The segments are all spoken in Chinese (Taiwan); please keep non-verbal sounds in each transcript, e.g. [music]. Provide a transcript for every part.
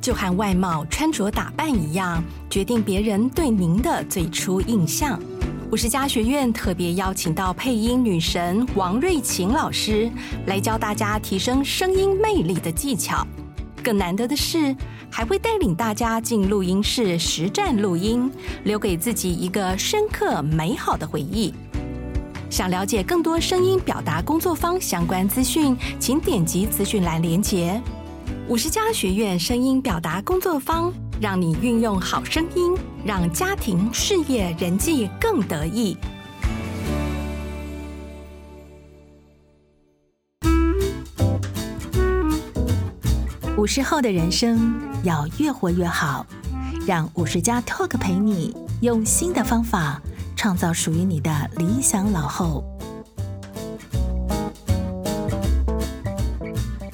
就和外貌、穿着打扮一樣，決定別人對您的最初印象。50+ 學院特別邀請到配音女神王瑞琴老師，來教大家提升聲音魅力的技巧。更難得的是，還會帶領大家進錄音室實戰錄音，留給自己一個深刻美好的回憶。想了解更多聲音表達工作坊相關資訊，請點擊資訊欄鏈接。五十加學院聲音表達工作坊，讓你運用好聲音，讓家庭、事業、人際更得意。五十後的人生要越活越好，讓五十加 Talk 陪你，用新的方法創造屬於你的理想老後。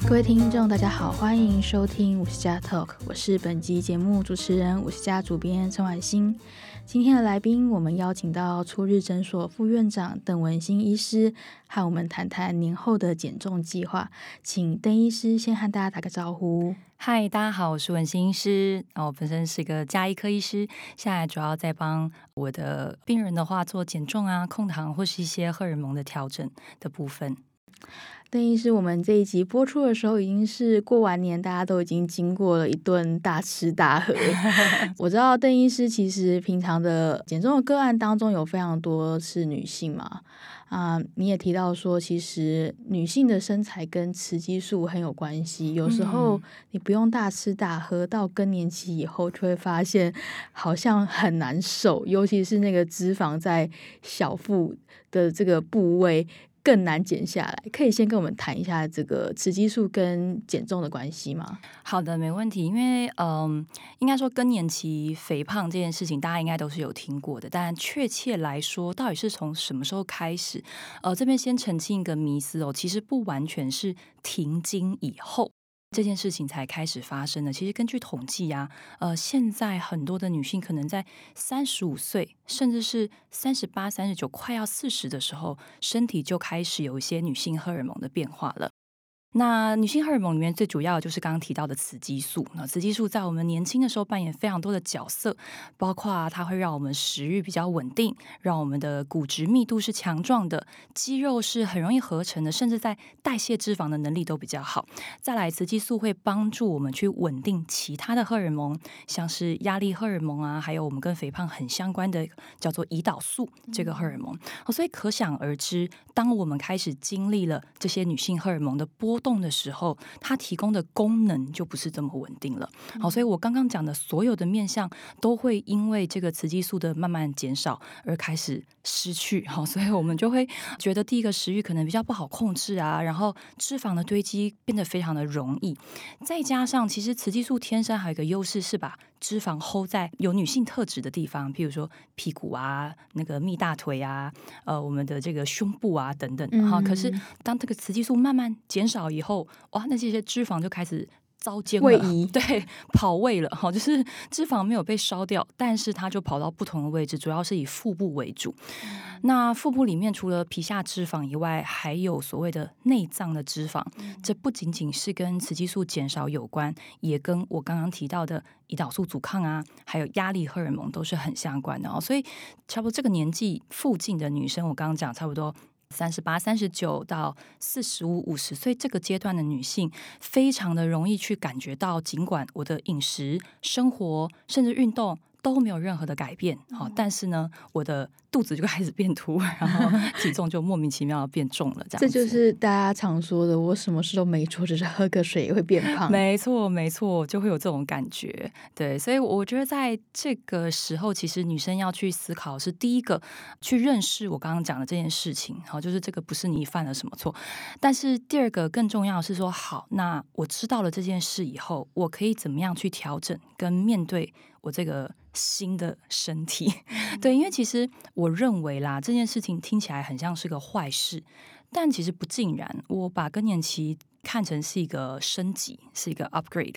各位聽眾，大家好，歡迎收聽五十加 Talk，我是本集節目主持人五十加主編陳婉欣。今天的來賓，我們邀請到初日診所副院長鄧雯心醫師，和我們談談年後的減重計劃。請鄧醫師先和大家打個招呼。嗨，大家好，我是雯心醫師。那我本身是個家醫科醫師，現在主要在幫我的病人的話做減重啊、控糖、或是一些荷爾蒙的調整的部分。鄧醫師，我們這一集播出的時候已經是過完年，大家都已經經過了一頓大吃大喝。 [laughs] 我知道鄧醫師其實平常的減重的個案當中有非常多是女性嘛，啊、嗯，你也提到說，其實女性的身材跟雌激素很有關係，有時候你不用大吃大喝，到更年期以後就會發現好像很難瘦，尤其是那個脂肪在小腹的這個部位。更難減下來，可以先跟我們談一下這個雌激素跟減重的關係嗎？好的，沒問題。因為嗯、呃，應該說更年期肥胖這件事情，大家應該都是有聽過的。但確切來說，到底是從什麼時候開始？呃，這邊先澄清一個迷思哦，其實不完全是停經以後。這件事情才開始發生呢。其實根據統計呀、啊，呃，現在很多的女性可能在三十五歲，甚至是三十八、三十九，快要四十的時候，身體就開始有一些女性荷爾蒙的變化了。那女性荷爾蒙裡面最主要的就是剛剛提到的雌激素。那雌激素在我們年輕的時候扮演非常多的角色，包括它會讓我們食欲比較穩定，讓我們的骨質密度是強壯的，肌肉是很容易合成的，甚至在代謝脂肪的能力都比較好。再來，雌激素會幫助我們去穩定其他的荷爾蒙，像是壓力荷爾蒙啊，還有我們跟肥胖很相關的叫做胰島素，嗯，這個荷爾蒙。所以可想而知，當我們開始經歷了這些女性荷爾蒙的波動的時候，它提供的功能就不是這麼穩定了。好，所以我剛剛講的所有的面向都會因為這個雌激素的慢慢減少而開始失去。好，所以我們就會覺得第一個食欲可能比較不好控制啊，然後脂肪的堆積變得非常的容易。再加上，其實雌激素天生還有一個優勢，是吧？脂肪 hold 在有女性特質的地方，譬如說屁股啊、那個蜜大腿啊、呃，我們的這個胸部啊等等。哈、嗯，可是當這個雌激素慢慢減少以後，哇，那這些脂肪就開始。尖了位移對，跑位了，好，就是脂肪沒有被燒掉，但是它就跑到不同的位置，主要是以腹部為主。那腹部裡面除了皮下脂肪以外，還有所謂的內臟的脂肪，這不僅僅是跟雌激素減少有關，也跟我剛剛提到的胰島素阻抗啊，還有壓力荷爾蒙都是很相關的哦。所以差不多這個年紀附近的女生，我剛剛講差不多。三十八、三十九到四十五、五十歲這個階段的女性，非常的容易去感覺到，儘管我的飲食、生活甚至運動都沒有任何的改變，好，嗯，但是呢，我的。肚子就開始變凸，然後體重就莫名其妙變重了，這樣。這就是大家常說的，我什麼事都沒做，只是喝個水也會變胖。沒錯，沒錯，就會有這種感覺。對，所以我覺得在這個時候，其實女生要去思考，是第一個去認識我剛剛講的這件事情，好，就是這個不是你犯了什麼錯。但是第二個更重要的是說，好，那我知道了這件事以後，我可以怎麼樣去調整跟面對我這個新的身體？嗯、對，因為其實。我認為啦，這件事情聽起來很像是個壞事，但其實不盡然。我把更年期看成是一個升級，是一個 upgrade，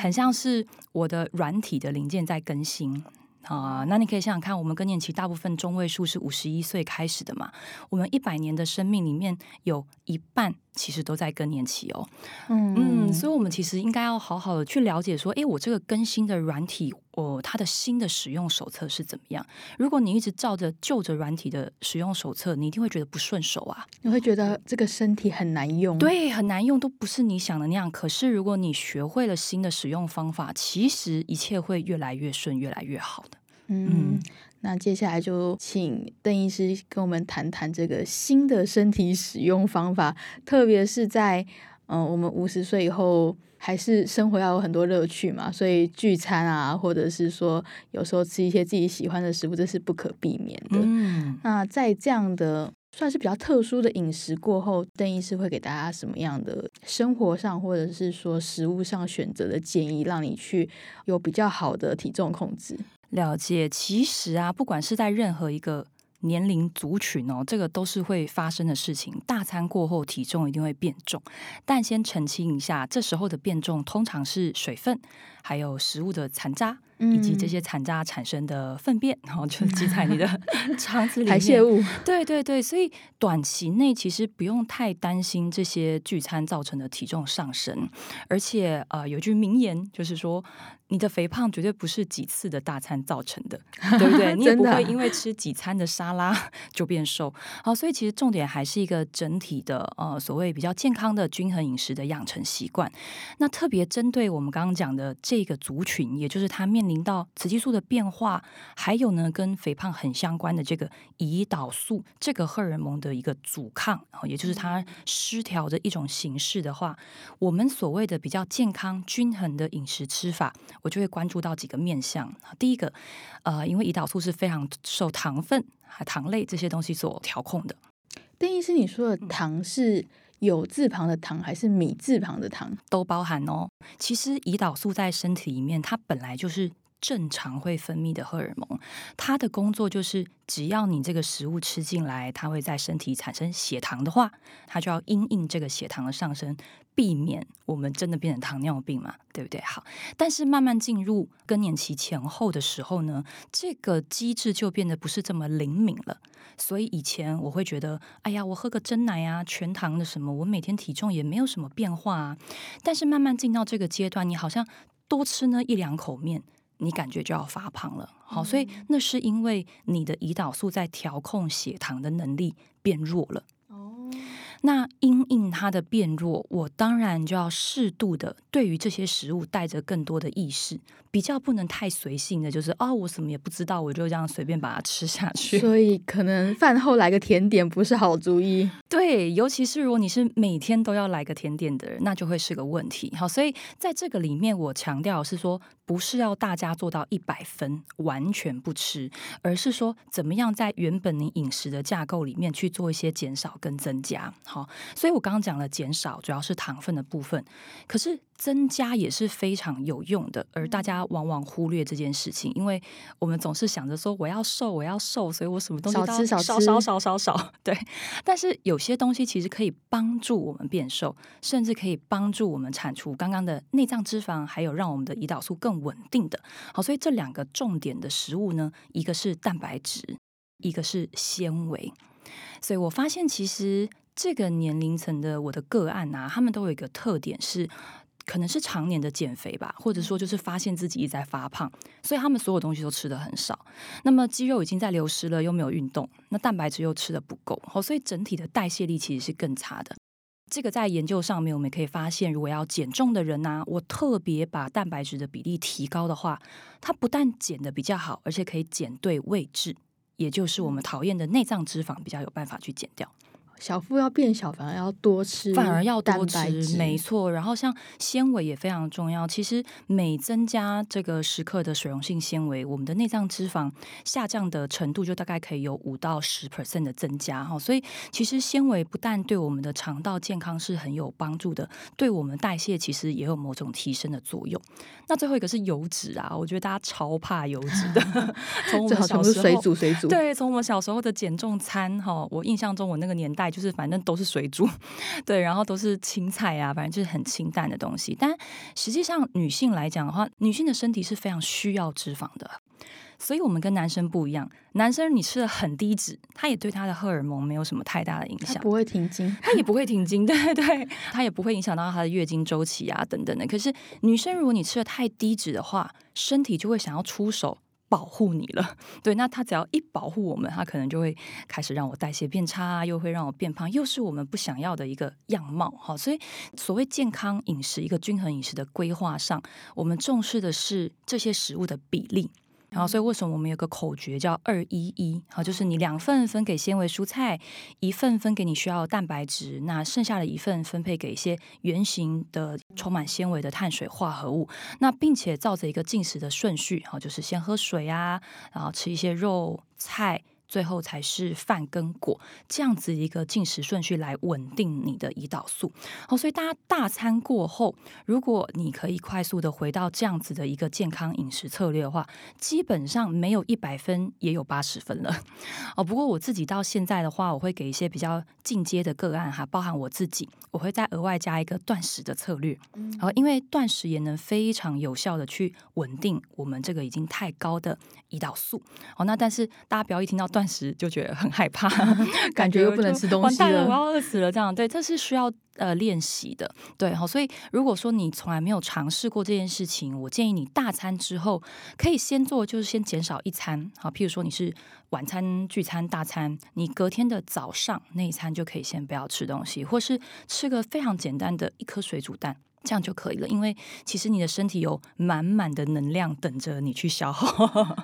很像是我的軟體的零件在更新啊。Uh, 那你可以想想看，我們更年期大部分中位數是五十一歲開始的嘛，我們一百年的生命裡面有一半，其實都在更年期哦，嗯，所以，我們其實應該要好好的去了解說，哎，我這個更新的軟體，我、呃、它的新的使用手冊是怎麼樣？如果你一直照着舊的軟體的使用手冊，你一定會覺得不順手啊，你會覺得這個身體很難用，對，很難用，都不是你想的那樣。可是，如果你學會了新的使用方法，其實一切會越來越順，越來越好的，嗯。那接下來就請鄧醫師跟我們談談這個新的身體使用方法，特別是在嗯、呃，我們五十歲以後，還是生活要有很多樂趣嘛，所以聚餐啊，或者是說有時候吃一些自己喜歡的食物，這是不可避免的。嗯，那在這樣的算是比較特殊的飲食過後，鄧醫師會給大家什麼樣的生活上或者是說食物上選擇的建議，讓你去有比較好的體重控制？了解，其實啊，不管是在任何一個年齡族群哦，這個都是會發生的事情。大餐過後，體重一定會變重，但先澄清一下，這時候的變重通常是水分，還有食物的殘渣，以及這些殘渣產生的糞便，嗯、然後就積在你的腸子裡，排泄物。對對對，所以短期內其實不用太擔心這些聚餐造成的體重上升。而且呃，有句名言就是說，你的肥胖絕對不是幾次的大餐造成的，對不對？你也不會因為吃幾餐的沙拉就變瘦。好， [laughs] 的、哦，所以其實重點還是一個整體的呃，所謂比較健康的均衡飲食的養成習慣。那特別針對我們剛剛講的這個族群，也就是它面臨到雌激素的變化，還有呢跟肥胖很相關的這個胰島素這個荷爾蒙的一個阻抗、哦，也就是它失調的一種形式的話，我們所謂的比較健康均衡的飲食吃法。我就會關注到幾個面向，第一個，呃，因為胰島素是非常受糖分、糖類這些東西所調控的。鄧醫師，你說的糖是有字旁的糖，還是米字旁的糖？都包含哦。其實胰島素在身體裡面，它本來就是。正常會分泌的荷爾蒙，它的工作就是只要你這個食物吃進來，它會在身體產生血糖的話，它就要因應這個血糖的上升，避免我們真的變成糖尿病嘛，對不對？好，但是慢慢進入更年期前後的時候呢，這個機制就變得不是這麼靈敏了。所以以前我會覺得，哎呀，我喝個真奶啊，全糖的什麼，我每天體重也沒有什麼變化啊。但是慢慢進到這個階段，你好像多吃呢一兩口麵。你感覺就要發胖了，嗯、好，所以那是因為你的胰島素在調控血糖的能力變弱了。哦。那因應它的變弱，我當然就要適度的對於這些食物帶着更多的意識，比較不能太隨性的，就是哦，我什麼也不知道，我就這樣隨便把它吃下去。所以可能飯後來個甜點不是好主意。對，尤其是如果你是每天都要來個甜點的人，那就會是個問題。好，所以在這個裡面，我強調是說，不是要大家做到一百分完全不吃，而是說怎麼樣在原本你飲食的架構裡面去做一些減少跟增加。好，所以我剛剛講了減少主要是糖分的部分，可是增加也是非常有用的，而大家往往忽略這件事情，因為我們總是想着說我要瘦，我要瘦，所以我什麼東西都要少少少少少，對。但是有些東西其實可以幫助我們變瘦，甚至可以幫助我們鏟除剛剛的內臟脂肪，還有讓我們的胰島素更穩定的。好，所以這兩個重點的食物呢，一個是蛋白質，一個是纖維。所以我發現其實。這個年齡層的我的個案啊，他們都有一個特點是，可能是常年的減肥吧，或者說就是發現自己一直在發胖，所以他們所有東西都吃得很少。那麼肌肉已經在流失了，又沒有運動，那蛋白質又吃得不夠，哦，所以整體的代謝力其實是更差的。這個在研究上面，我們可以發現，如果要減重的人呢，啊，我特別把蛋白質的比例提高的話，它不但減得比較好，而且可以減對位置，也就是我們討厭的內臟脂肪比較有辦法去減掉。小腹要變小，反而要多吃，反而要多吃蛋白質。沒錯。然後像纖維也非常重要。其實每增加這個十克的水溶性纖維，我們的內臟脂肪下降的程度就大概可以有五到十 percent 的增加哈。所以其實纖維不但對我們的腸道健康是很有幫助的，對我們代謝其實也有某種提升的作用。那最後一個是油脂啊，我覺得大家超怕油脂的。從 [laughs] 我小時候水煮水煮，對，從我小時候的減重餐哈，我印象中我那個年代。就是反正都是水煮，對，然後都是青菜啊，反正就是很清淡的東西。但實際上女性來講的話，女性的身體是非常需要脂肪的，所以我們跟男生不一樣。男生你吃的很低脂，他也對他的荷爾蒙沒有什麼太大的影響，不會停經，他也不會停經，對對，他也不會影響到他的月經周期啊等等的。可是女生如果你吃的太低脂的話，身體就會想要出手。保護你了，對，那他只要一保護我們，他可能就會開始讓我代謝變差，又會讓我變胖，又是我們不想要的一個樣貌。好，所以所謂健康飲食，一個均衡飲食的規劃上，我們重視的是這些食物的比例。然後，所以為什麼我們有個口訣叫“二一一”？啊，就是你兩份分給纖維蔬菜，一份分給你需要蛋白質，那剩下的一份分配給一些原型的、充滿纖維的碳水化合物。那並且照着一個進食的順序，啊，就是先喝水啊，然後吃一些肉菜。最後才是飯跟果，這樣子一個進食順序，來穩定你的胰島素好，哦，所以大家大餐過後，如果你可以快速的回到這樣子的一個健康飲食策略的話，基本上沒有一百分也有八十分了哦。不過我自己到現在的話，我會給一些比較進階的個案哈，包含我自己，我會再額外加一個斷食的策略，然後，哦，因為斷食也能非常有效的去穩定我們這個已經太高的胰島素哦。那但是大家不要一聽到斷時就覺得很害怕，感覺又不能吃東西， [laughs] 完蛋了，我要餓死了這樣。對，這是需要呃練習的。對，好，所以如果說你從來沒有嘗試過這件事情，我建議你大餐之後可以先做，就是先減少一餐。好，譬如說你是晚餐聚餐大餐，你隔天的早上那一餐就可以先不要吃東西，或是吃個非常簡單的一顆水煮蛋。這樣就可以了，因為其實你的身體有滿滿的能量等着你去消耗。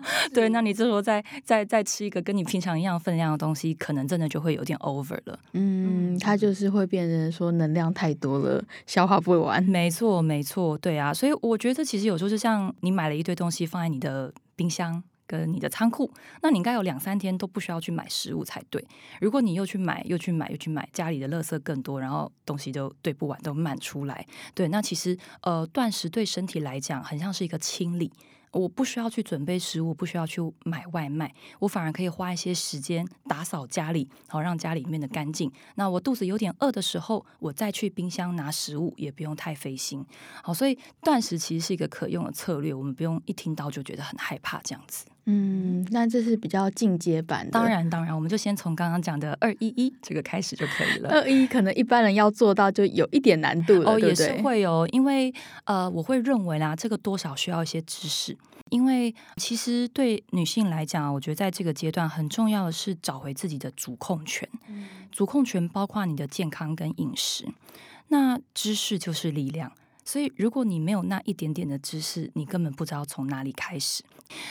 [laughs] 對，是那你這時候再再再吃一個跟你平常一樣分量的東西，可能真的就會有點 over 了。嗯，它就是會變成說能量太多了，消化不完。嗯。沒錯，沒錯，對啊，所以我覺得其實有時候就是像你買了一堆東西放在你的冰箱。呃，跟你的倉庫，那你應該有兩三天都不需要去買食物才對。如果你又去買，又去買，又去買，家裡的垃圾更多，然後東西都堆不完，都滿出來。對，那其實呃，斷食對身體來講，很像是一個清理。我不需要去準備食物，不需要去買外賣，我反而可以花一些時間打掃家裡，好讓家裡面的乾淨。那我肚子有點餓的時候，我再去冰箱拿食物，也不用太費心。好，所以斷食其實是一個可用的策略，我們不用一聽到就覺得很害怕這樣子。嗯，那這是比較進階版的。當然，當然，我們就先從剛剛講的二一一這個開始就可以了。二一一可能一般人要做到就有一點難度哦，也是會有，對不對？因為呃，我會認為啦，這個多少需要一些知識。因為其實對女性來講，我覺得在這個階段很重要的是找回自己的主控權。嗯，主控權包括你的健康跟飲食。那知識就是力量。所以，如果你沒有那一點點的知識，你根本不知道從哪裡開始。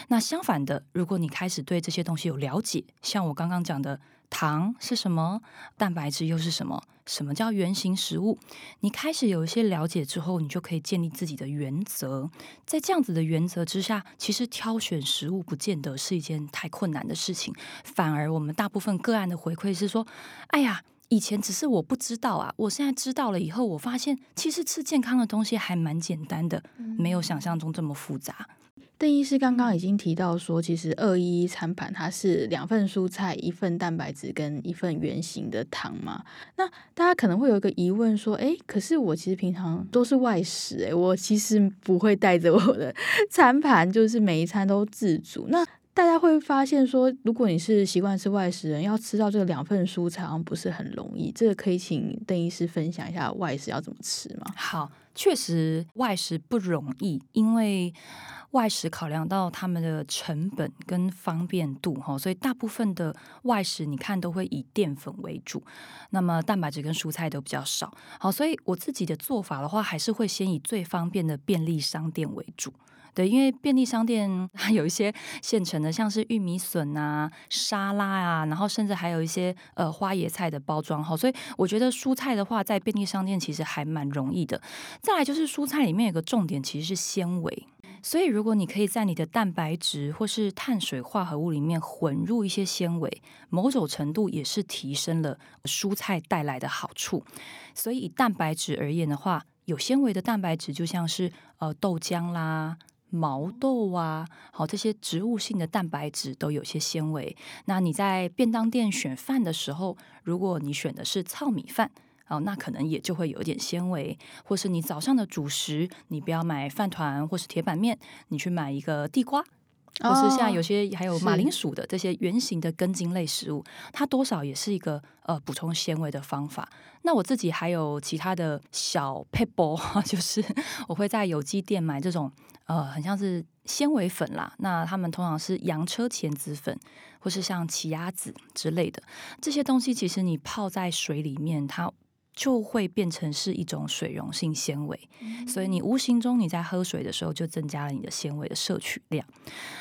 那相反的，如果你開始對這些東西有了解，像我剛剛講的，糖是什麼，蛋白質又是什麼，什麼叫原型食物，你開始有一些了解之後，你就可以建立自己的原則。在這樣子的原則之下，其實挑選食物不見得是一件太困難的事情。反而，我們大部分個案的回饋是說：“哎呀。”以前只是我不知道啊，我現在知道了以後，我發現其實吃健康的東西還蠻簡單的，嗯、沒有想象中這麼複雜。鄧醫師剛剛已經提到說，其實211餐盤它是兩份蔬菜、一份蛋白質跟一份原型的糖嘛。那大家可能會有一個疑問說，哎，可是我其實平常都是外食、欸，誒，我其實不會帶着我的餐盤，就是每一餐都自煮。那大家會發現說，如果你是習慣吃外食人，人要吃到這兩份蔬菜，好像不是很容易。這個可以請鄧醫師分享一下外食要怎麼吃嗎？好，確實外食不容易，因為外食考量到他們的成本跟方便度哈，所以大部分的外食你看都會以澱粉為主，那麼蛋白質跟蔬菜都比較少。好，所以我自己的做法的話，還是會先以最方便的便利商店為主。對，因為便利商店有一些現成的，像是玉米筍啊、沙拉啊，然後甚至還有一些呃花椰菜的包裝。好，所以我覺得蔬菜的話，在便利商店其實還蠻容易的。再來就是蔬菜裡面有一個重點，其實是纖維。所以如果你可以在你的蛋白質或是碳水化合物裡面混入一些纖維，某種程度也是提升了蔬菜帶來的好處。所以以蛋白質而言的話，有纖維的蛋白質就像是呃豆漿啦。毛豆啊，好，這些植物性的蛋白質都有些纖維。那你在便當店選飯的時候，如果你選的是糙米飯，哦，那可能也就會有一點纖維。或是你早上的主食，你不要買飯糰或是鐵板麵，你去買一個地瓜，就、oh, 是像有些還有馬鈴薯的是這些圓形的根莖類食物，它多少也是一個呃補充纖維的方法。那我自己還有其他的小撇步就是我會在有機店買這種。呃，很像是纖維粉啦，那他們通常是洋車前子粉，或是像奇亞籽之類的這些東西，其實你泡在水裡面，它，就會變成是一種水溶性纖維，所以你無形中你在喝水的時候就增加了你的纖維的攝取量。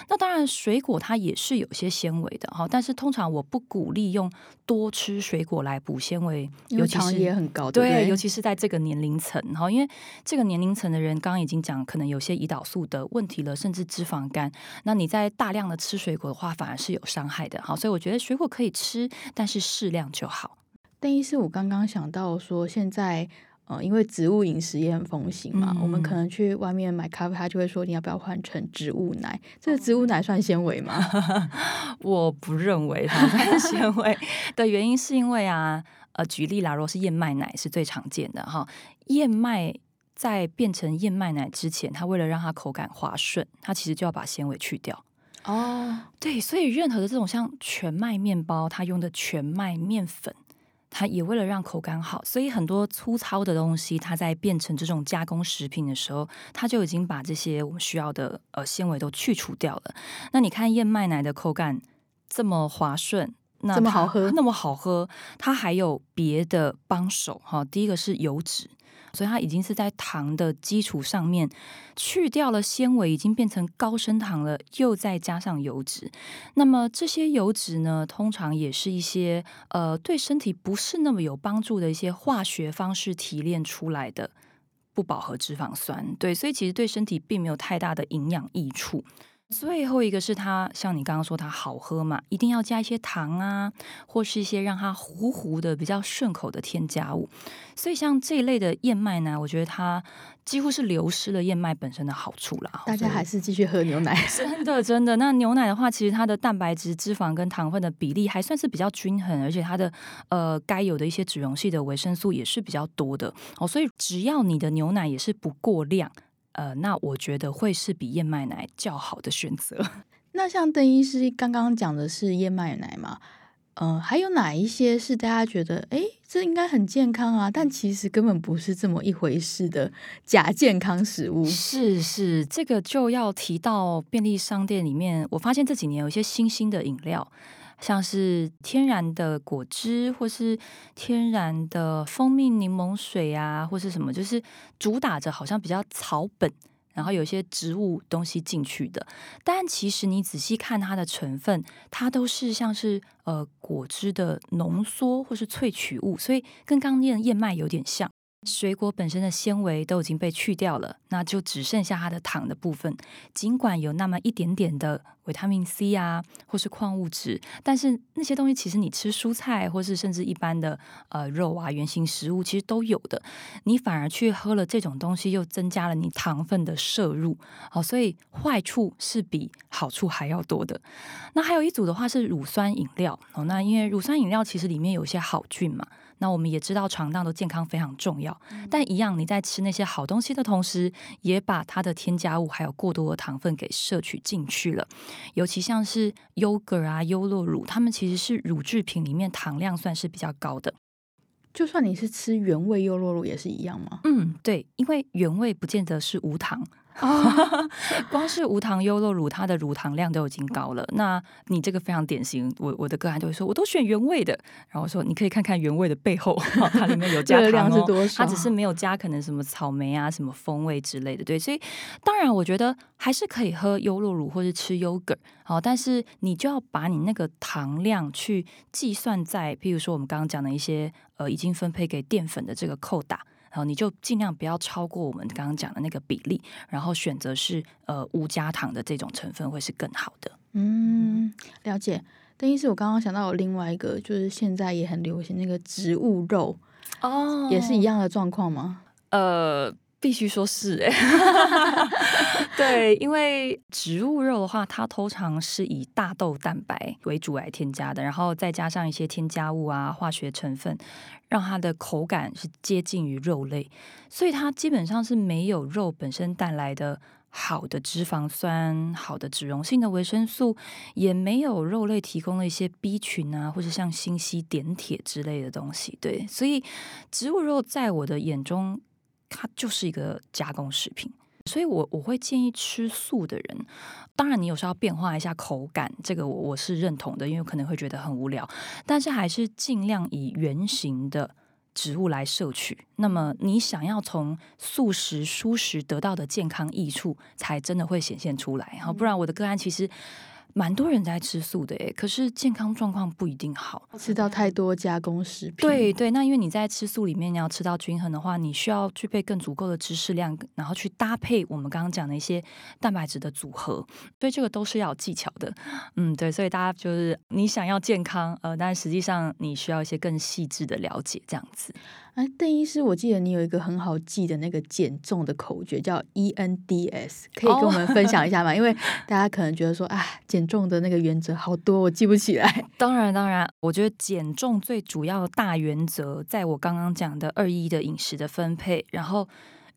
那當然，水果它也是有些纖維的哈，但是通常我不鼓勵用多吃水果來補纖維，尤其是，因為糖也很高，對不對？對，尤其是在這個年齡層哈，因為這個年齡層的人剛剛已經講，可能有些胰島素的問題了，甚至脂肪肝。那你在大量的吃水果的話，反而是有傷害的哈，所以我覺得水果可以吃，但是適量就好。第一是我剛剛想到說，現在呃，因為植物飲食也很風行嘛，嗯、我們可能去外面買咖啡，他就會說，你要不要換成植物奶？這個植物奶算纖維嗎？哦、我不認為它算纖維的 [laughs] 原因是因為啊，呃，舉例啦，如果是燕麥奶是最常見的哈、哦，燕麥在變成燕麥奶之前，它為了讓它口感滑順，它其實就要把纖維去掉哦。對，所以任何的這種像全麥麵包，它用的全麥麵粉。它也為了讓口感好，所以很多粗糙的東西，它在變成這種加工食品的時候，它就已經把這些我們需要的呃纖維都去除掉了。那你看燕麥奶的口感這麼滑順，那這麼好喝，那麼好喝，它還有別的幫手哈，哦。第一個是油脂。所以它已經是在糖的基礎上面去掉了纖維，已經變成高升糖了，又再加上油脂。那麼這些油脂呢，通常也是一些呃對身體不是那麼有幫助的一些化學方式提煉出來的不飽和脂肪酸。對，所以其實對身體並沒有太大的營養益處。最後一個是它，像你剛剛說它好喝嘛，一定要加一些糖啊，或是一些讓它糊糊的比較順口的添加物。所以像這一類的燕麥奶，我覺得它幾乎是流失了燕麥本身的好處了。大家還是繼續喝牛奶，真的真的。那牛奶的話，其實它的蛋白質、脂肪跟糖分的比例還算是比較均衡，而且它的呃該有的一些脂溶性的維生素也是比較多的哦。所以只要你的牛奶也是不過量。呃，那我覺得會是比燕麥奶較好的選擇。那像鄧醫師剛剛講的是燕麥奶嘛，嗯、呃，還有哪一些是大家覺得，哎，這應該很健康啊，但其實根本不是這麼一回事的假健康食物？是是，這個就要提到便利商店裡面，我發現這幾年有一些新興的飲料。像是天然的果汁，或是天然的蜂蜜檸檬水啊，或是什麼，就是主打着好像比較草本，然後有些植物東西進去的。但其實你仔細看它的成分，它都是像是呃果汁的濃縮或是萃取物，所以跟剛念燕麥有點像。水果本身的纖維都已經被去掉了，那就只剩下它的糖的部分。儘管有那麼一點點的維他命 C 啊，或是礦物質，但是那些東西其實你吃蔬菜，或是甚至一般的呃肉啊、原型食物，其實都有的。你反而去喝了這種東西，又增加了你糖分的攝入。好、哦，所以壞處是比好處還要多的。那還有一組的話是乳酸飲料。哦，那因為乳酸飲料其實裡面有一些好菌嘛。那我們也知道，腸道的健康非常重要。嗯、但一樣，你在吃那些好東西的同時，也把它的添加物還有過多的糖分給攝取進去了。尤其像是優格啊、優酪乳，它們其實是乳制品裡面糖量算是比較高的。就算你是吃原味優酪乳，也是一樣嗎？嗯，對，因為原味不見得是無糖。哦，光是無糖優酪乳，它的乳糖量都已經高了。那你這個非常典型，我我的個案就會說，我都選原味的。然後說，你可以看看原味的背後，哦、它裡面有加糖、哦、 [laughs] 量是多少，它只是沒有加可能什麼草莓啊、什麼風味之類的。對，所以當然我覺得還是可以喝優酪乳或是吃優格好、哦，但是你就要把你那個糖量去計算在，譬如說我們剛剛講的一些呃已經分配給澱粉的這個扣打。然後你就盡量不要超過我們剛剛講的那個比例，然後選擇是呃無加糖的這種成分會是更好的。嗯，了解。但是我剛剛想到有另外一個，就是現在也很流行那個植物肉，哦，也是一樣的狀況嗎？呃。必須說是哎，欸， [laughs] 對，因為植物肉的話，它通常是以大豆蛋白為主來添加的，然後再加上一些添加物啊、化學成分，讓它的口感是接近於肉類，所以它基本上是沒有肉本身帶來的好的脂肪酸、好的脂溶性的維生素，也沒有肉類提供的一些 B 群啊，或者像鋅、硒、碘、鐵之類的東西。對，所以植物肉在我的眼中，它就是一個加工食品，所以我，我我會建議吃素的人，當然你有時候要變化一下口感，這個我我是認同的，因為可能會覺得很無聊，但是還是儘量以原形的植物來攝取。那麼，你想要從素食、蔬食得到的健康益處，才真的會顯現出來。好，不然我的個案其實。蠻多人在吃素的耶，可是健康狀況不一定好，吃到太多加工食品。對對，那因為你在吃素裡面，你要吃到均衡的話，你需要具備更足夠的知識量，然後去搭配我們剛剛講的一些蛋白質的組合，所以這個都是要有技巧的。嗯，對，所以大家就是你想要健康，呃，但實際上你需要一些更細緻的了解這樣子。啊，鄧醫師，我記得你有一個很好記的那個減重的口訣，叫 E N D S，可以跟我們分享一下嗎？哦。因為大家可能覺得說，啊，減重的那個原則好多，我記不起來。當然，當然，我覺得減重最主要的大原則，在我剛剛講的二一的飲食的分配，然後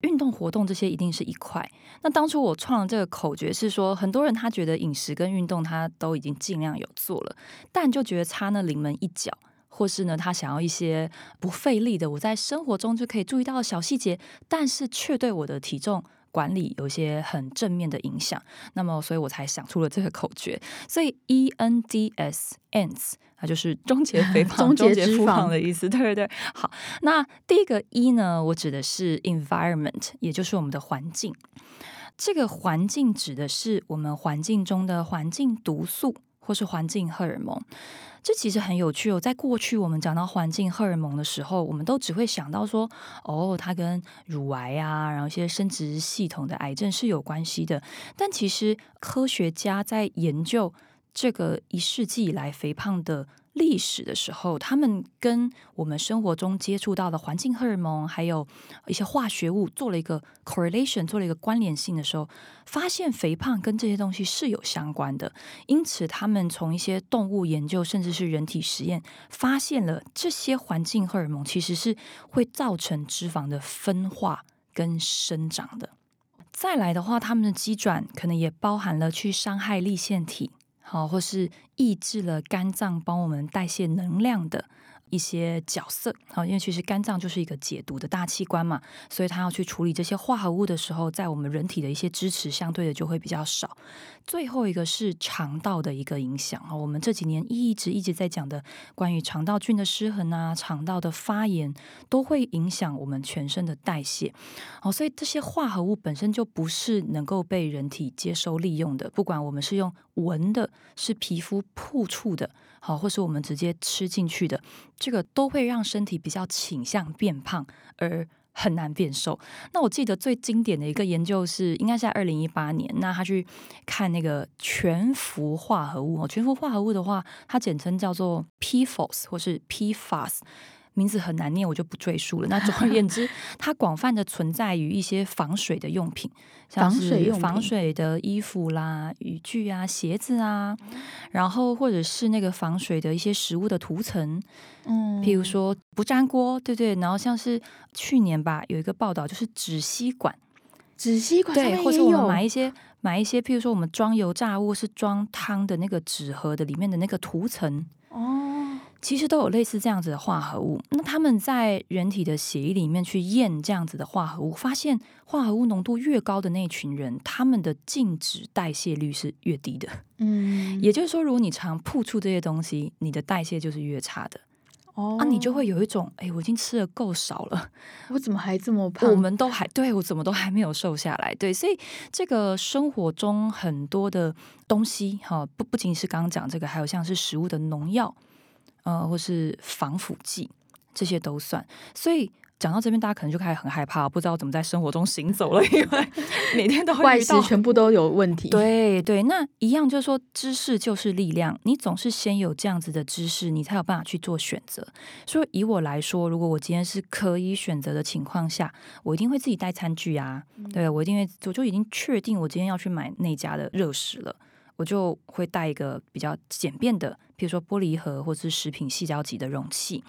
運動活動這些一定是一塊。那當初我創這個口訣是說，很多人他覺得飲食跟運動他都已經盡量有做了，但就覺得差那臨門一腳。或是呢，他想要一些不費力的，我在生活中就可以注意到的小細節，但是卻對我的體重管理有一些很正面的影響。那麼，所以我才想出了這個口訣。所以 E N D S Ends，它就是終結肥胖、 [laughs] 終結脂肪的意思。對對對。好，那第一個 E 呢，我指的是 environment，也就是我們的環境。這個環境指的是我們環境中的環境毒素。或是環境荷爾蒙，這其實很有趣哦。在過去，我們講到環境荷爾蒙的時候，我們都只會想到說，哦，它跟乳癌啊，然後一些生殖系統的癌症是有關係的。但其實科學家在研究這個一世紀以來肥胖的歷史的時候，他們跟我們生活中接觸到的環境荷爾蒙，還有一些化學物做了一個 correlation，做了一個關聯性的時候，發現肥胖跟這些東西是有相關的。因此，他們從一些動物研究，甚至是人體實驗，發現了這些環境荷爾蒙其實是會造成脂肪的分化跟生長的。再來的話，他們的機轉可能也包含了去傷害粒線體。哦，或是抑制了肝臟幫我們代謝能量的一些角色啊，因為其實肝臟就是一個解毒的大器官嘛，所以它要去處理這些化合物的時候，在我們人體的一些支持相對的就會比較少。最後一個是腸道的一個影響啊，我們這幾年一直一直在講的關於腸道菌的失衡啊，腸道的發炎都會影響我們全身的代謝哦，所以這些化合物本身就不是能夠被人體接收利用的，不管我們是用聞的，是皮膚碰觸的。好，或是我們直接吃進去的，這個都會讓身體比較傾向變胖，而很難變瘦。那我記得最經典的一個研究是，應該是在二零一八年，那他去看那個全氟化合物哦，全氟化合物的話，它簡稱叫做 PFOS，或是 PFAS。名字很難念，我就不贅述了。那總而言之， [laughs] 它廣泛的存在於一些防水的用品，像是防水、防水的衣服啦、雨具啊、鞋子啊，然後或者是那個防水的一些食物的塗層，嗯，比如說不粘鍋，對對。然後像是去年吧，有一個報道就是紙吸管，紙吸管，對，上面也有。或者我們買一些買一些，譬如說我們裝油炸物是裝湯的那個紙盒的裡面的那個塗層。其實都有類似這樣子的化合物。那他們在人體的血液裡面去驗這樣子的化合物，發現化合物濃度越高的那一群人，他們的靜止代謝率是越低的。嗯，也就是說，如果你常曝出這些東西，你的代謝就是越差的。哦，啊，你就會有一種，哎，我已經吃得夠少了，我怎麼還這麼胖？我們都還對，我怎麼都還沒有瘦下來？對，所以這個生活中很多的東西，哈、哦，不不僅僅是剛剛講這個，還有像是食物的農藥。呃，或是防腐劑，這些都算。所以講到這邊，大家可能就開始很害怕，不知道怎麼在生活中行走了，因為每天都會外食，全部都有問題。對對，那一樣就是說，知識就是力量。你總是先有這樣子的知識，你才有辦法去做選擇。所以以我來說，如果我今天是可以選擇的情況下，我一定會自己帶餐具啊。對，我一定會，我就已經確定我今天要去買那家的熱食了，我就會帶一個比較簡便的。比如說玻璃盒或是食品矽膠級的容器，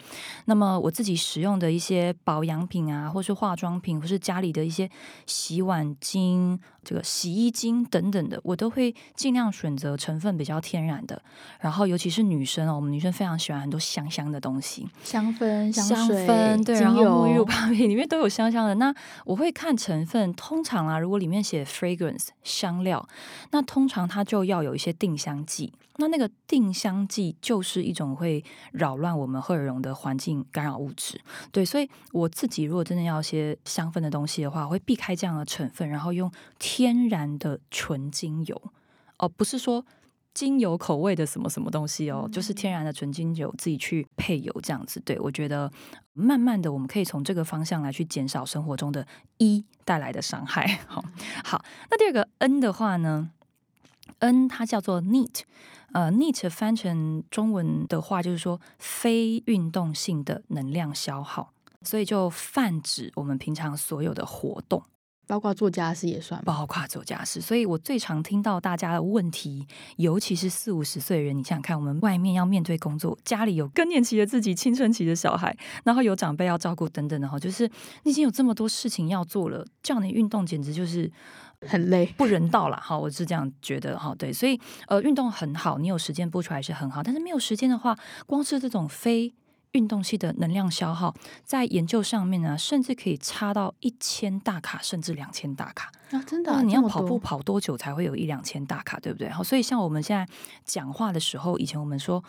那麼我自己使用的一些保養品啊，或是化妝品，或是家裡的一些洗碗精、這個洗衣精等等的，我都會盡量選擇成分比較天然的。然後尤其是女生哦，我們女生非常喜歡很多香香的東西，香氛、香水、香氛，對，精油，然後沐浴用品裡面都有香香的。那我會看成分，通常啊，如果裡面寫 fragrance 香料，那通常它就要有一些定香劑。那那個定香劑。就是一種會擾亂我們荷爾蒙的環境干擾物質，對，所以我自己如果真的要一些香氛的東西的話，我會避開這樣的成分，然後用天然的純精油，哦，不是說精油口味的什麼什麼東西哦，嗯、就是天然的純精油自己去配油這樣子。對我覺得，慢慢的我們可以從這個方向來去減少生活中的一、e、帶來的傷害。好、嗯，好，那第二個 N 的話呢，N 它叫做 Neat。呃 NEAT 翻成中文的話，就是說非運動性的能量消耗，所以就泛指我們平常所有的活動，包括做家事，也算。包括做家事。所以我最常聽到大家的問題，尤其是四五十歲人，你想想看，我們外面要面對工作，家裡有更年期的自己、青春期的小孩，然後有長輩要照顧等等的，哈，就是你已經有這麼多事情要做了，這樣的運動，簡直就是。很累，不人道了。好，我是這樣覺得哈。對，所以呃，運動很好，你有時間不出來是很好。但是沒有時間的話，光是這種非運動系的能量消耗，在研究上面呢，甚至可以差到一千大卡，甚至兩千大卡啊！真的啊，你要跑步跑多久才會有一兩千大卡，對不對？好，所以像我們現在講話的時候，以前我們說。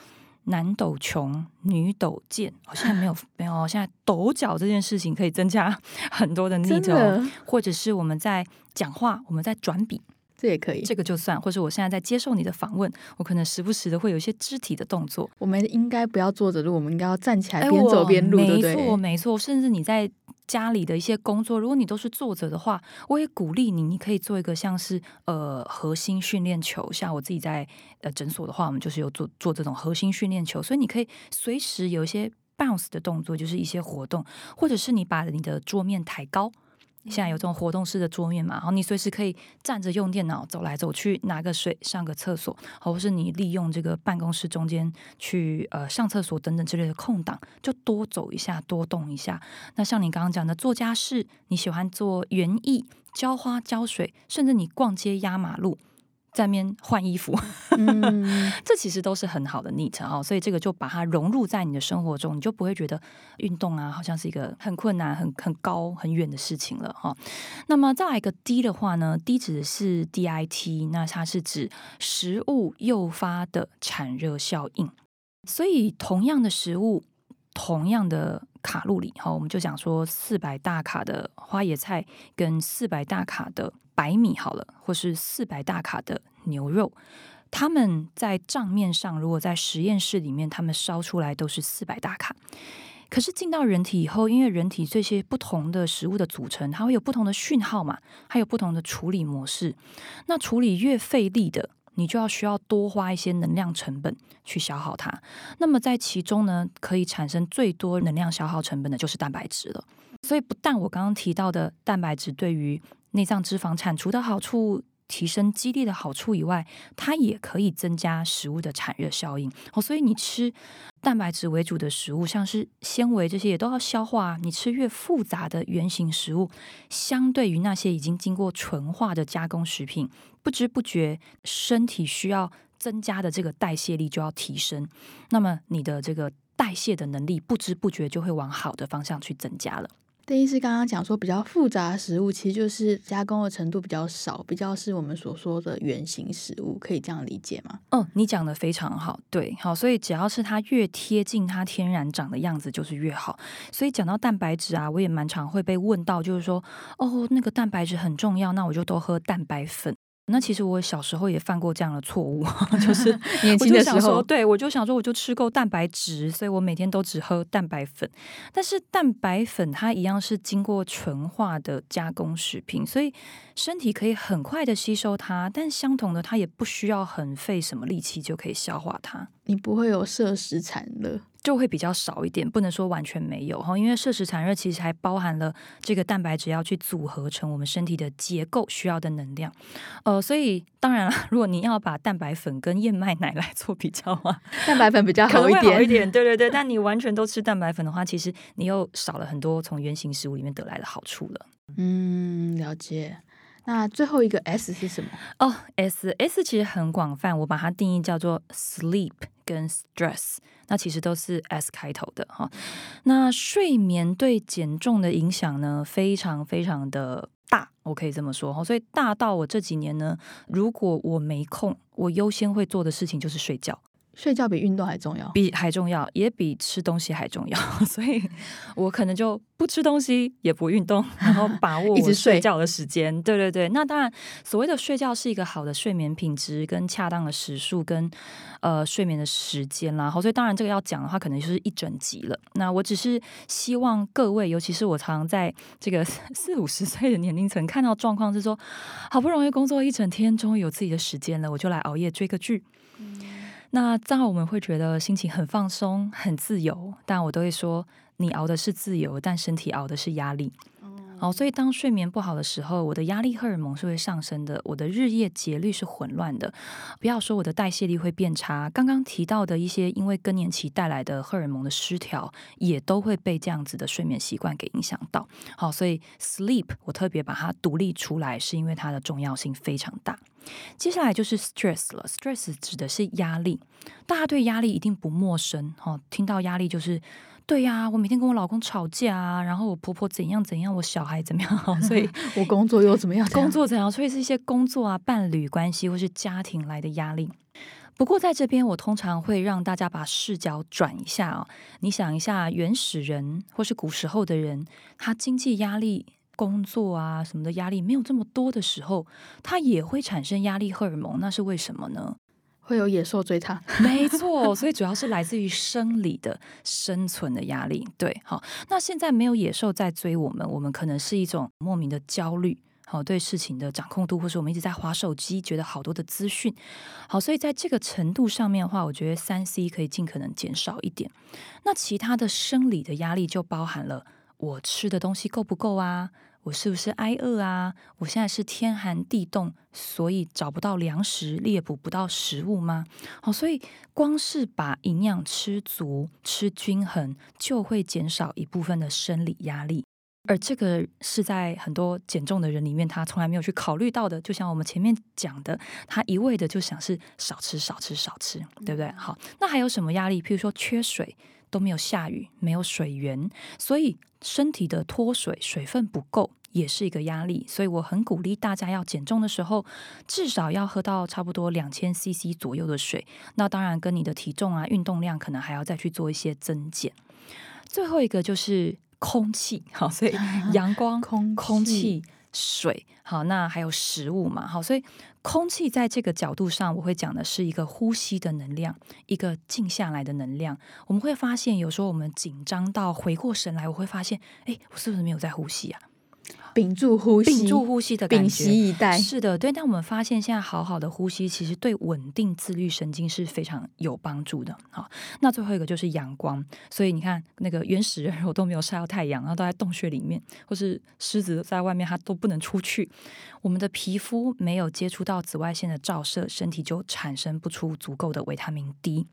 男抖窮，女抖賤。我現在沒有沒有，現在抖腳這件事情可以增加很多的 NEAT，的或者是我們在講話，我們在轉筆。這也可以，這個就算。或是我現在在接受你的訪問，我可能時不時的會有一些肢體的動作。我們應該不要坐着錄，我們應該要站起來邊走邊錄。對、哎、沒錯沒錯。甚至你在家裡的一些工作，如果你都是坐着的話，我也鼓勵你，你可以做一個像是呃核心訓練球。像我自己在呃診所的話，我們就是有做做這種核心訓練球。所以你可以隨時有一些 bounce 的動作，就是一些活動，或者是你把你的桌面抬高。現在有這種活動式的桌面嘛，然後你隨時可以站着用電腦，走來走去，拿個水上個廁所，或者是你利用這個辦公室中間去呃上廁所等等之類的空檔，就多走一下，多動一下。那像你剛剛講的做家事，你喜歡做園藝、澆花、澆水，甚至你逛街、壓馬路。在面換衣服、 [laughs] 嗯，這其實都是很好的 NEAT 哦，所以這個就把它融入在你的生活中，你就不會覺得運動啊，好像是一個很困難、很很高、很遠的事情了。那麼再來一個 D 的話呢，D 指的是 DIT，那它是指食物誘發的產熱效應，所以同樣的食物，同樣的。卡路里，好，我們就講說四百大卡的花椰菜跟四百大卡的白米好了，或是四百大卡的牛肉，他們在賬面上，如果在實驗室裡面，他們燒出來都是四百大卡。可是進到人體以後，因為人體這些不同的食物的組成，它會有不同的訊號嘛，還有不同的處理模式。那處理越費力的。你就要需要多花一些能量成本去消耗它。那麼在其中呢，可以產生最多能量消耗成本的就是蛋白質了。所以不但我剛剛提到的蛋白質對於內臟脂肪鏟除的好處、提升肌力的好處以外，它也可以增加食物的產熱效應。哦，所以你吃蛋白質為主的食物，像是纖維這些也都要消化。你吃越複雜的原型食物，相對於那些已經經過純化的加工食品。不知不覺，身體需要增加的這個代謝力就要提升，那麼你的這個代謝的能力不知不覺就會往好的方向去增加了。鄧醫師剛剛講說，比較複雜食物其實就是加工的程度比較少，比較是我們所說的原型食物，可以這樣理解嗎？嗯，你講的非常好。對，好，所以只要是它越貼近它天然長的樣子就是越好。所以講到蛋白質啊，我也蠻常會被問到，就是說哦，那個蛋白質很重要，那我就多喝蛋白粉。那其實我小時候也犯過這樣的錯誤，就是就想說你年輕的時候，對，我就想說，我就吃夠蛋白質，所以我每天都只喝蛋白粉。但是蛋白粉它一樣是經過純化的加工食品，所以身體可以很快的吸收它，但相同的，它也不需要很費什麼力氣就可以消化它。你不會有攝食產熱，就會比較少一點，不能說完全沒有哈，因為攝食產熱其實還包含了這個蛋白質要去組合成我們身體的結構需要的能量，呃，所以當然了，如果你要把蛋白粉跟燕麥奶來做比較的話，蛋白粉比較好一點，好一點，對對對， [laughs] 但你完全都吃蛋白粉的話，其實你又少了很多從原型食物裡面得來的好處了。嗯，了解。那最後一個 S 是什麼？哦，S S 其實很廣泛，我把它定義叫做 sleep。跟 stress，那其實都是 s 開頭的哈。那睡眠對減重的影響呢，非常非常的大，我可以這麼說哈。所以大到我這幾年呢，如果我沒空，我優先會做的事情就是睡覺。睡覺比運動還重要，比還重要，也比吃東西還重要，所以我可能就不吃東西，也不運動，然後把握一直睡覺的時間。 [laughs] 睡對對對，那當然，所謂的睡覺是一個好的睡眠品質，跟恰當的時數，跟呃睡眠的時間啦。好，所以當然這個要講的話，可能就是一整集了。那我只是希望各位，尤其是我常在這個四五十歲的年齡層看到狀況是說，好不容易工作一整天，終於有自己的時間了，我就來熬夜追個劇。那這樣我們會覺得心情很放鬆、很自由，但我都會說，你熬的是自由，但身體熬的是壓力。好、哦，所以當睡眠不好的時候，我的壓力荷爾蒙是會上升的，我的日夜節律是混亂的。不要說我的代謝力會變差，剛剛提到的一些因為更年期帶來的荷爾蒙的失調，也都會被這樣子的睡眠習慣給影響到。好、哦，所以 sleep 我特別把它獨立出來，是因為它的重要性非常大。接下來就是 stress 了，stress 指的是壓力，大家對壓力一定不陌生。哦，聽到壓力就是。對呀、啊，我每天跟我老公吵架啊，然後我婆婆怎樣怎樣，我小孩怎麼樣，所以我工作又怎麼樣？工作怎樣？所以是一些工作啊、伴侶關係或是家庭來的壓力。不過在這邊，我通常會讓大家把視角轉一下啊、哦，你想一下原始人或是古時候的人，他經濟壓力、工作啊什麼的壓力沒有這麼多的時候，他也會產生壓力荷爾蒙，那是為什麼呢？會有野獸追他，沒錯，所以主要是來自於生理的生存的壓力。對，好，那現在沒有野獸在追我們，我們可能是一種莫名的焦慮，好，對事情的掌控度，或是我們一直在滑手機，覺得好多的資訊，好，所以在這個程度上面的話，我覺得 3C 可以盡可能減少一點。那其他的生理的壓力就包含了我吃的東西夠不夠啊？我是不是挨餓啊？我現在是天寒地凍，所以找不到糧食，獵捕不到食物嗎？好，所以光是把營養吃足、吃均衡，就會減少一部分的生理壓力。而這個是在很多減重的人裡面，他從來沒有去考慮到的。就像我們前面講的，他一味的就想是少吃、少吃、少吃，對不對？好，那還有什麼壓力？譬如說缺水。都沒有下雨，沒有水源，所以身體的脫水、水分不夠也是一個壓力。所以我很鼓勵大家要減重的時候，至少要喝到差不多兩千 CC 左右的水。那當然跟你的體重啊、運動量可能還要再去做一些增減。最後一個就是空氣，好，所以陽光、空氣空氣、水，好，那還有食物嘛，好，所以。空氣在這個角度上，我會講的是一個呼吸的能量，一個靜下來的能量。我們會發現，有時候我們緊張到回過神來，我會發現，哎，我是不是沒有在呼吸啊？屏住呼吸，屏住呼吸的感覺，屏息以待。是的，對。但我們發現，現在好好的呼吸，其實對穩定自律神經是非常有幫助的。好，那最後一個就是陽光。所以你看，那個原始人，我都沒有曬到太陽，然後都在洞穴裡面，或是獅子在外面，它都不能出去。我們的皮膚沒有接觸到紫外線的照射，身體就產生不出足夠的維他命 D。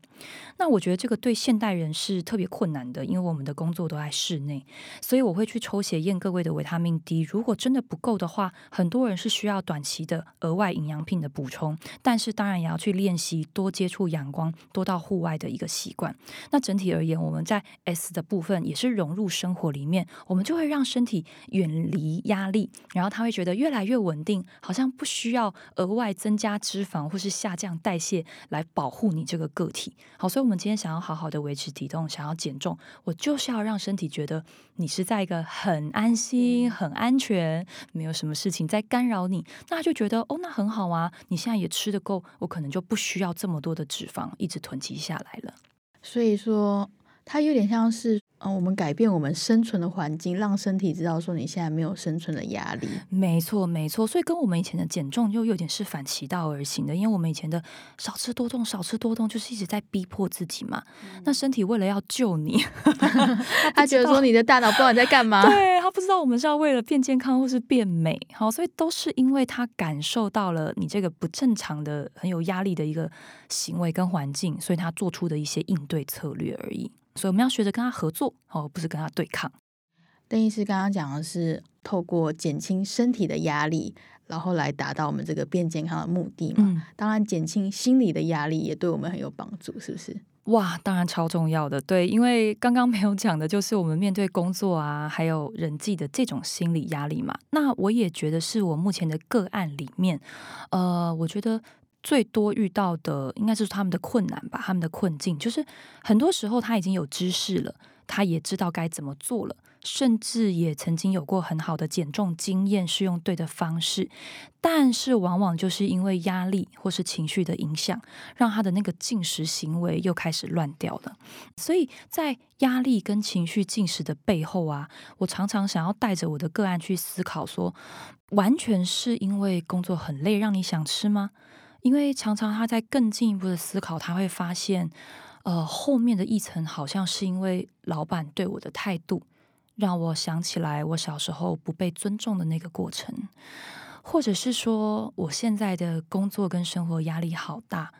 那我覺得這個對現代人是特別困難的，因為我們的工作都在室內，所以我會去抽血驗各位的維他命 D。如果真的不夠的話，很多人是需要短期的額外營養品的補充，但是當然也要去練習多接觸陽光，多到戶外的一個習慣。那整體而言，我們在 S 的部分也是融入生活裡面，我們就會讓身體遠離壓力，然後他會覺得越來越穩定，好像不需要額外增加脂肪或是下降代謝來保護你這個個體。好，所以我們今天想要好好的維持體重，想要減重，我就是要讓身體覺得你是在一個很安心、很安全。全沒有什麼事情在干擾你，那他就覺得哦，那很好啊，你現在也吃得夠，我可能就不需要這麼多的脂肪一直囤積下來了。所以說，他有點像是。嗯、哦，我們改變我們生存的環境，讓身體知道說你現在沒有生存的壓力。沒錯，沒錯。所以跟我們以前的減重就有點是反其道而行的，因為我們以前的少吃多動、少吃多動就是一直在逼迫自己嘛。嗯、那身體為了要救你， [laughs] 他,他覺得說你的大腦不知道你在幹嘛，對，他不知道我們是要為了變健康或是變美，好，所以都是因為他感受到了你這個不正常的、很有壓力的一個行為跟環境，所以他做出的一些應對策略而已。所以我們要學着跟他合作而，哦，不是跟他對抗。鄧醫師剛剛講的是透過減輕身體的壓力，然後來達到我們這個變健康的目的嘛。嗯，當然減輕心理的壓力也對我們很有幫助，是不是？哇，當然超重要的。對，因為剛剛沒有講的就是我們面對工作啊，還有人際的這種心理壓力嘛。那我也覺得是我目前的個案裡面，呃，我覺得。最多遇到的應該是他們的困難吧，他們的困境就是很多時候他已經有知識了，他也知道該怎麼做了，甚至也曾經有過很好的減重經驗，是用對的方式，但是往往就是因為壓力或是情緒的影響，讓他的那個進食行為又開始亂掉了。所以在壓力跟情緒進食的背後啊，我常常想要帶着我的個案去思考說，完全是因為工作很累，讓你想吃嗎？因為常常他在更進一步的思考，他會發現，呃，後面的一層好像是因為老板對我的態度，讓我想起來我小時候不被尊重的那個過程，或者是說我現在的工作跟生活壓力好大，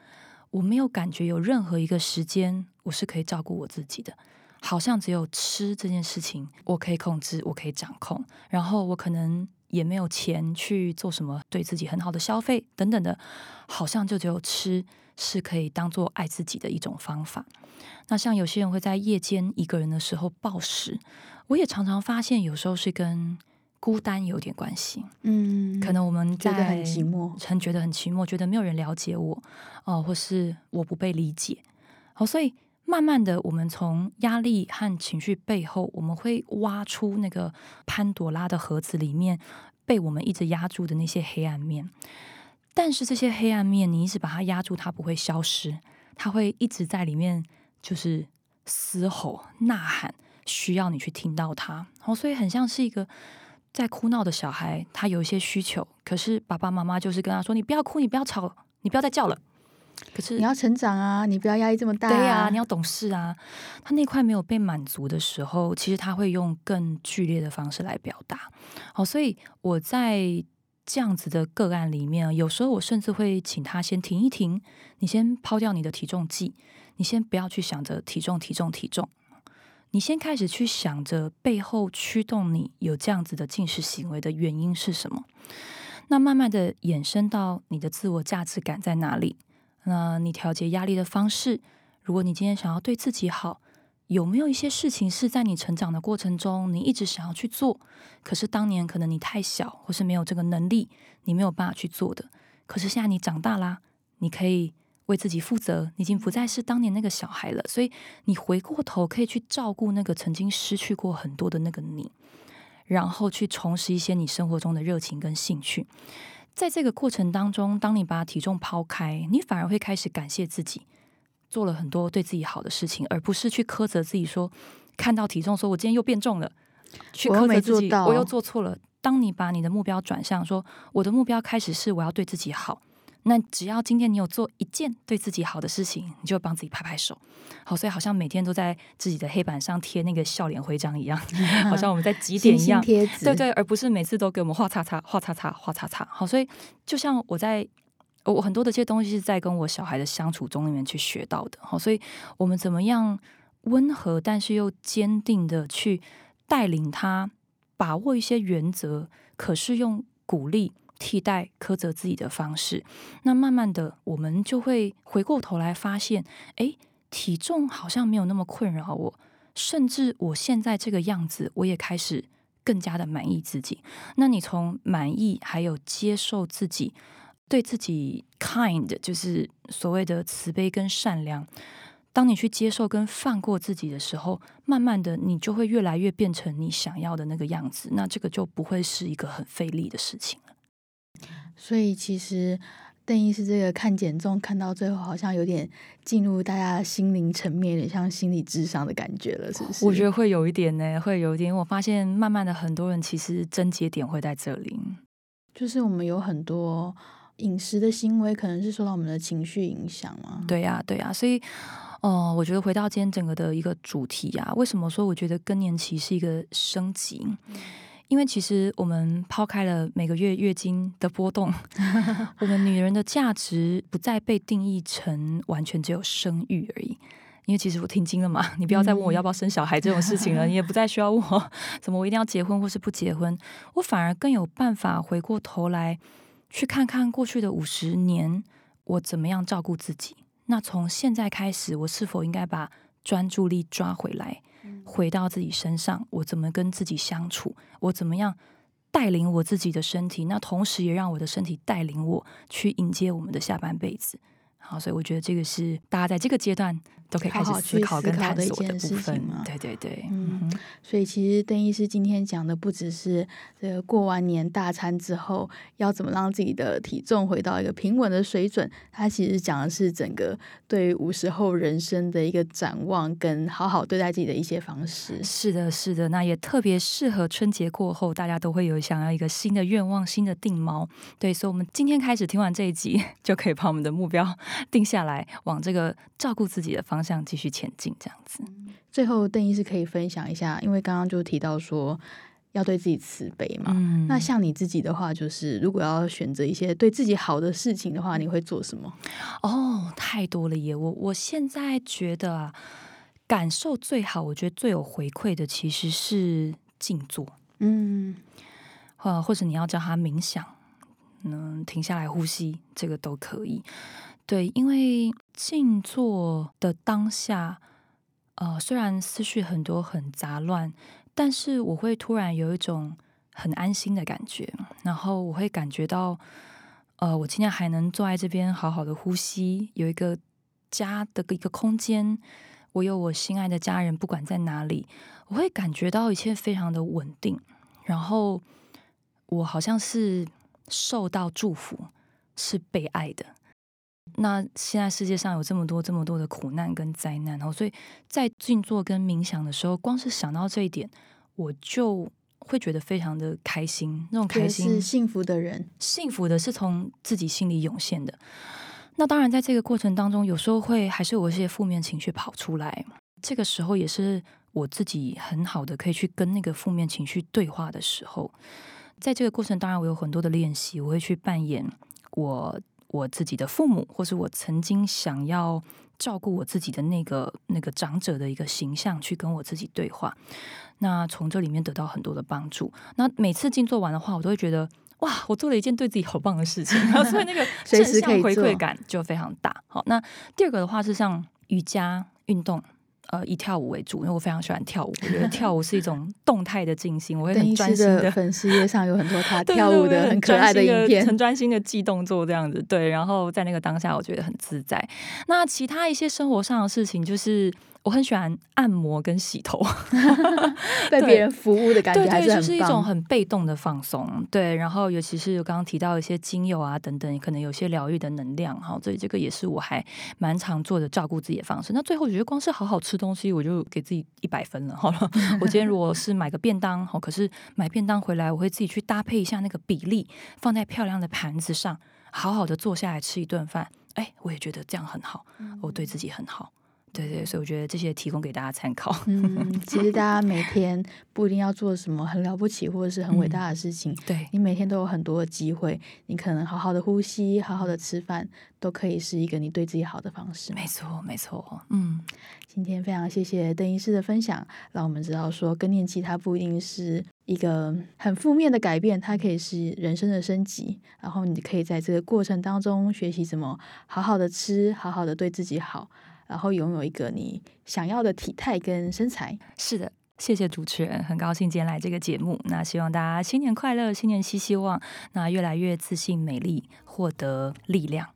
我沒有感覺有任何一個時間我是可以照顧我自己的，好像只有吃這件事情我可以控制，我可以掌控，然後我可能。也沒有錢去做什麼對自己很好的消費等等的，好像就只有吃是可以當做愛自己的一種方法。那像有些人會在夜間一個人的時候暴食，我也常常發現有時候是跟孤單有點關係。嗯，可能我們在覺得很寂寞，很覺得很寂寞，覺得沒有人了解我，哦，或是我不被理解。好，哦，所以。慢慢的，我們從壓力和情緒背後，我們會挖出那個潘朵拉的盒子裡面被我們一直壓住的那些黑暗面。但是這些黑暗面，你一直把它壓住，它不會消失，它會一直在裡面，就是嘶吼、吶喊，需要你去聽到它。哦，所以很像是一個在哭鬧的小孩，他有一些需求，可是爸爸媽媽就是跟他說：“你不要哭，你不要吵，你不要再叫了。”可是你要成長啊！你不要壓力這麼大啊。對呀，啊，你要懂事啊！他那塊沒有被滿足的時候，其實他會用更劇烈的方式來表達。好，所以我在這樣子的個案裡面，有時候我甚至會請他先停一停，你先拋掉你的體重計，你先不要去想着體重、體重、體重，你先開始去想着背後驅動你有這樣子的進食行為的原因是什麼。那慢慢的衍生到你的自我價值感在哪裡？那你調節壓力的方式，如果你今天想要對自己好，有沒有一些事情是在你成長的過程中，你一直想要去做，可是當年可能你太小，或是沒有這個能力，你沒有辦法去做的。可是現在你長大啦，你可以為自己負責，你已經不再是當年那個小孩了。所以你回過頭可以去照顧那個曾經失去過很多的那個你，然後去重拾一些你生活中的熱情跟興趣。在這個過程當中，當你把體重拋開，你反而會開始感謝自己做了很多對自己好的事情，而不是去苛責自己說看到體重說我今天又變重了，去苛責自己，我，我又做錯了。當你把你的目標轉向說我的目標開始是我要對自己好。那只要今天你有做一件對自己好的事情，你就會幫自己拍拍手。好，所以好像每天都在自己的黑板上貼那個笑臉徽章一樣，嗯啊、好像我們在集點一樣，貼。對對，而不是每次都給我們畫叉叉、畫叉叉、畫叉叉。好，所以就像我在我很多的這些東西，是在跟我小孩的相處中裡面去學到的。好，所以我們怎麼樣溫和但是又堅定的去帶領他把握一些原則，可是用鼓勵。替代苛責自己的方式，那慢慢的我們就會回過頭來發現，哎，體重好像沒有那麼困擾我，甚至我現在這個樣子，我也開始更加的滿意自己。那你從滿意，還有接受自己，對自己 kind，就是所謂的慈悲跟善良。當你去接受跟放過自己的時候，慢慢的你就會越來越變成你想要的那個樣子。那這個就不會是一個很費力的事情。所以其實，鄧醫師這個看減重看到最後，好像有點進入大家心靈層面，有點像心理智商的感覺了，是不是？我覺得會有一點呢、欸，會有一點。我發現慢慢的，很多人其實症結點會在這裡，就是我們有很多飲食的行為，可能是受到我們的情緒影響了、啊。對呀，對呀。所以，哦、呃，我覺得回到今天整個的一個主題啊，為什麼說我覺得更年期是一個升級？因為其實我們拋開了每個月月經的波動，我們女人的價值不再被定義成完全只有生育而已。因為其實我停經了嘛，你不要再問我要不要生小孩這種事情了，嗯、你也不再需要問我怎麼我一定要結婚或是不結婚。我反而更有辦法回過頭來去看看過去的五十年我怎麼樣照顧自己。那從現在開始，我是否應該把專注力抓回來？回到自己身上，我怎麼跟自己相處？我怎麼樣帶領我自己的身體？那同時也讓我的身體帶領我去迎接我們的下半輩子。好，所以我覺得這個是大家在這個階段都可以開始去思考跟探索的，部分好好去思考的一件事情。對對對，嗯，所以其實鄧醫師今天講的不只是這個過完年大餐之後要怎麼讓自己的體重回到一個平穩的水準，他其實講的是整個對於五十後人生的一個展望跟好好對待自己的一些方式。是的，是的，那也特別適合春節過後大家都會有想要一個新的願望、新的定錨。對，所以我們今天開始聽完這一集，就可以把我們的目標定下來，往這個照顧自己的方向繼續前進，這樣子。最後，鄧醫師可以分享一下，因為剛剛就提到說要對自己慈悲嘛。嗯、那像你自己的話，就是如果要選擇一些對自己好的事情的話，你會做什麼？哦，太多了耶！我我現在覺得、啊、感受最好，我覺得最有回饋的其實是靜坐。嗯，或者你要叫他冥想，嗯，停下來呼吸，這個都可以。對，因為靜坐的當下，呃，雖然思緒很多很雜亂，但是我會突然有一種很安心的感覺。然後我會感覺到，呃，我今天還能坐在這邊好好的呼吸，有一個家的一個空間，我有我心愛的家人，不管在哪裡，我會感覺到一切非常的穩定。然後我好像是受到祝福，是被愛的。那現在世界上有這麼多、這麼多的苦難跟災難，然後所以，在靜坐跟冥想的時候，光是想到這一點，我就會覺得非常的開心。那種開心是幸福的人，幸福的是從自己心裡湧現的。那當然，在這個過程當中，有時候會還是有一些負面情緒跑出來，這個時候也是我自己很好的可以去跟那個負面情緒對話的時候。在這個過程當然我有很多的練習，我會去扮演我。我自己的父母，或是我曾經想要照顧我自己的那個那個長者的一個形象，去跟我自己對話，那從這裡面得到很多的幫助。那每次靜坐完的話，我都會覺得哇，我做了一件對自己好棒的事情， [laughs] 然後所以那個正向回饋感就非常大。好，那第二個的話是像瑜伽運動。呃，以跳舞為主，因為我非常喜歡跳舞。我覺得跳舞是一種動態的靜心， [laughs] 我會很專心的。醫師的粉絲頁上有很多他跳舞的對對很可愛的影片，很專心的記動作這樣子。對，然後在那個當下，我覺得很自在。那其他一些生活上的事情，就是。我很喜歡按摩跟洗頭，被別人服務的感覺，對對，就是一種很被動的放鬆。對，然後尤其是剛剛提到一些精油啊等等，可能有些療癒的能量哈，所以這個也是我還蠻常做的照顧自己的方式。那最後我覺得光是好好吃東西，我就給自己一百分了。好了，我今天如果是買個便當，哈， [laughs] 可是買便當回來，我會自己去搭配一下那個比例，放在漂亮的盤子上，好好的坐下來吃一頓飯。哎，我也覺得這樣很好，我對自己很好。嗯對對，所以我覺得這些提供給大家參考。嗯，其實大家每天不一定要做什麼很了不起或者是很偉大的事情。嗯、對，你每天都有很多的機會，你可能好好的呼吸，好好的吃飯，都可以是一個你對自己好的方式。沒錯，沒錯。嗯，今天非常謝謝鄧醫師的分享，讓我們知道說更年期它不一定是一個很負面的改變，它可以是人生的升級。然後你可以在這個過程當中學習怎麼好好的吃，好好的對自己好。然後擁有一個你想要的體態跟身材，是的，謝謝主持人，很高興今天來這個節目。那希望大家新年快樂，新年新希望，那越來越自信、美麗，獲得力量。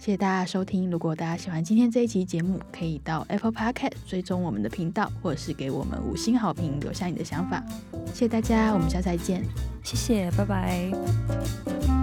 謝謝大家收聽，如果大家喜歡今天這一期節目，可以到 Apple Podcast 追蹤我們的頻道，或者是給我們五星好評，留下你的想法。謝謝大家，我們下次再見，謝謝，拜拜。